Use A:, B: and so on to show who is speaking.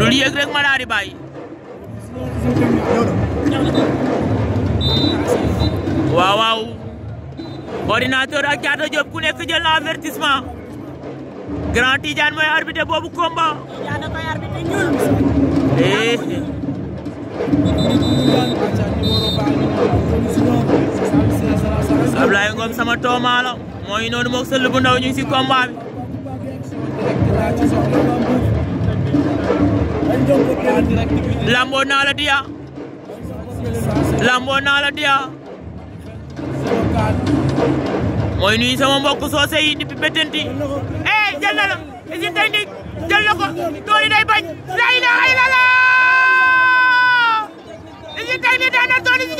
A: dul yéeg rek ma daal di bàyyi waaw waaw ordinateur ak Thiatou Diop ku nekk jël na avertissement Grand Tidiane mooy arbitre boobu combat eh Ablaye Ngom sama tooma la mooy noonu moog sëll bu ndaw si combat lamboo naa la diya lamboo naa la diya soose yi depuis Bettenty eh jël na la Usine Technique jël na ko day
B: bañ la ilaha illallah Usine Technique daan na tool
C: yi